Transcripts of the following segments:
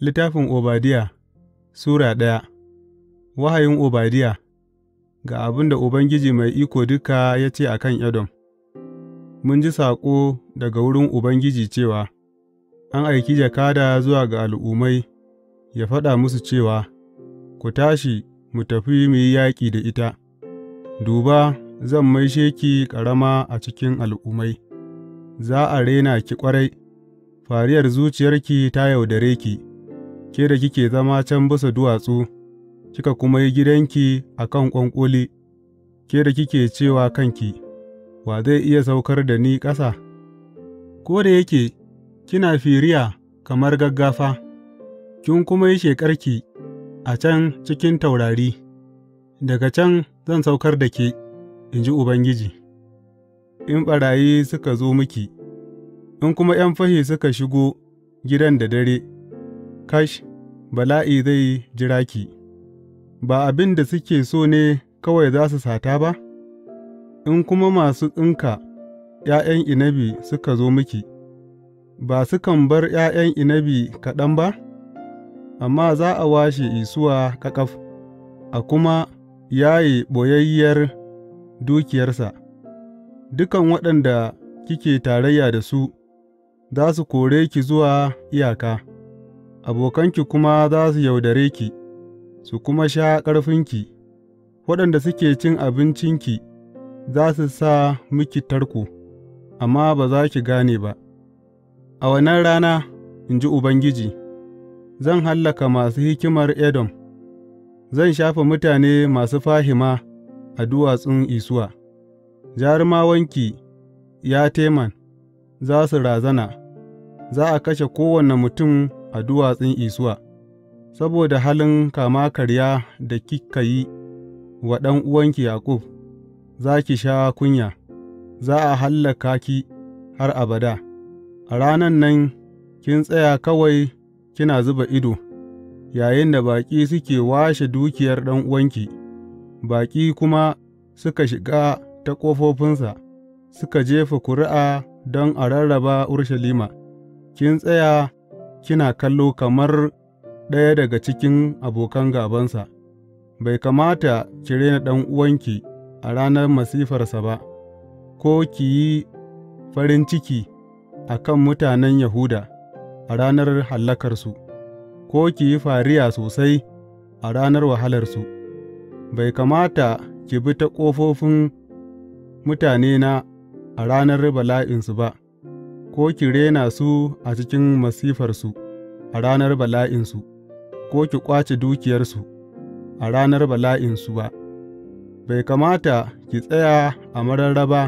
Littafin Obadiya Sura ɗaya, Wahayin Obadiya ga abin da Ubangiji Mai Iko Duka ya ce a kan Edom Mun ji saƙo daga wurin Ubangiji cewa, An aiki jakada zuwa ga al'ummai, ya faɗa musu cewa, Ku tashi, mu tafi mu yi yaƙi da ita, duba, zan maishe ki ƙarama a cikin al'ummai, za a rena ki ƙwarai, fariyar zuciyarki ta yaudare ki. ke da kike zama can bisa duwatsu kika kuma yi gidanki a kan ƙwanƙoli, ke da kike cewa kanki, Wa zai iya saukar da ni ƙasa? Ko da yake kina firiya kamar gaggafa, kin kuma yi sheƙarki a can cikin taurari, daga can zan saukar da ke, in ji Ubangiji. In ɓarayi suka zo miki, in kuma ’yan fahi suka shigo gidan da dare, kash, bala'i zai jira ki, ba abin da suke so ne kawai za su sata ba, in kuma masu tsinka ’ya'yan inabi suka zo miki, ba sukan bar ’ya'yan inabi kaɗan ba, amma za a washe isuwa ƙaƙaf, a kuma yaye ɓoyayyiyar dukiyarsa, dukan waɗanda kike tarayya da su za su kore ki zuwa iyaka. abokanki kuma za su yaudare ki su kuma sha ƙarfinki; waɗanda suke cin abincinki za su sa miki tarko, amma ba za ki gane ba, a wannan rana, in ji Ubangiji, zan hallaka masu hikimar Edom, zan shafa mutane masu fahima a duwatsun Isuwa, jarumawanki, ya Teman, za su razana, za a kashe kowane mutum a duwatsun Isuwa, saboda halin kama karya da kika yi wa ɗan'uwanki Yaƙub, za ki sha kunya, za a hallaka ki har abada, a ranan nan kin tsaya kawai kina zuba ido, yayin da baƙi suke washe dukiyar ɗan'uwanki, baƙi kuma suka shiga ta ƙofofinsa, suka jefa ƙuri'a don a rarraba Urushalima, kin tsaya kina kallo kamar ɗaya daga cikin abokan gabansa. bai kamata ki rena ɗan'uwanki a ranar masifarsa ba, ko ki yi farin ciki a kan mutanen Yahuda a ranar hallakarsu, ko ki yi fariya sosai a ranar wahalarsu, bai kamata ki bi ta ƙofofin mutanena a ranar bala'insu ba. ko ki rena su a cikin masifarsu a ranar bala'insu, ko ki ƙwace dukiyarsu a ranar bala'insu ba, bai kamata ki tsaya a mararraba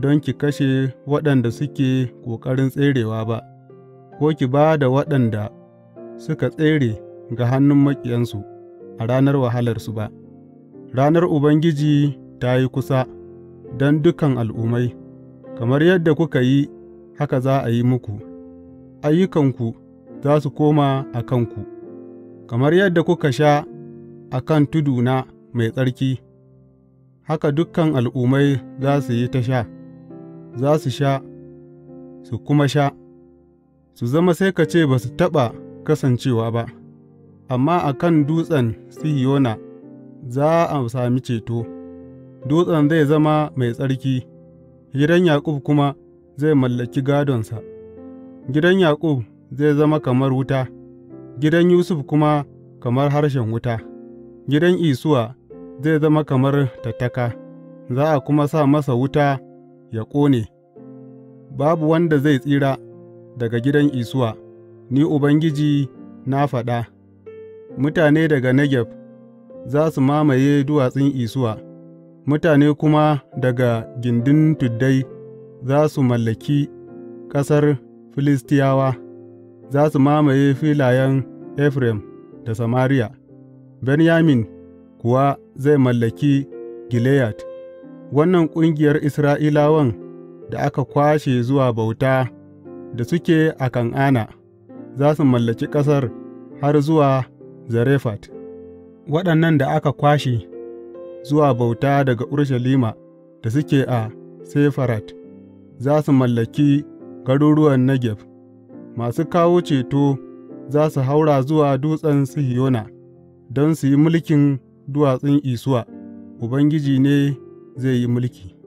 don ki kashe waɗanda suke ƙoƙarin tserewa ba, ko ki ba da waɗanda suka tsere ga hannun maƙiyansu a ranar wahalarsu ba. Ranar Ubangiji ta yi kusa don dukan al'ummai, kamar yadda kuka yi haka za a yi muku; ayyukanku za su koma a kanku, kamar yadda kuka sha a kan tuduna mai tsarki, haka dukan al'ummai za su yi ta sha; za su sha, su kuma sha, su zama sai ka ce ba su taɓa kasancewa ba, amma a kan Dutsen Sihiyona za a sami ceto, dutsen zai zama mai tsarki, gidan Yaƙub kuma. zai mallaki gadonsa. gidan Yaƙub zai zama kamar wuta, gidan Yusuf kuma kamar harshen wuta; gidan Isuwa zai zama kamar tattaka, za a kuma sa masa wuta ya ƙone, babu wanda zai tsira daga gidan Isuwa, Ni Ubangiji na faɗa, mutane daga Negev za su mamaye duwatsun Isuwa, mutane kuma daga gindin tuddai. za su mallaki ƙasar Filistiyawa, za su mamaye filayen Efraim da Samariya, Benyamin kuwa zai mallaki Gilead. wannan ƙungiyar Isra'ilawan da aka kwashe zuwa bauta da suke a Kan'ana, za su mallaki ƙasar har zuwa Zarefat. Waɗannan da aka kwashe zuwa bauta daga Urushalima da suke a Sefarat. za su mallaki garuruwan Negeb; masu kawo ceto za su haura zuwa Dutsen Sihiyona don su yi mulkin duwatsun Isuwa Ubangiji ne zai yi mulki.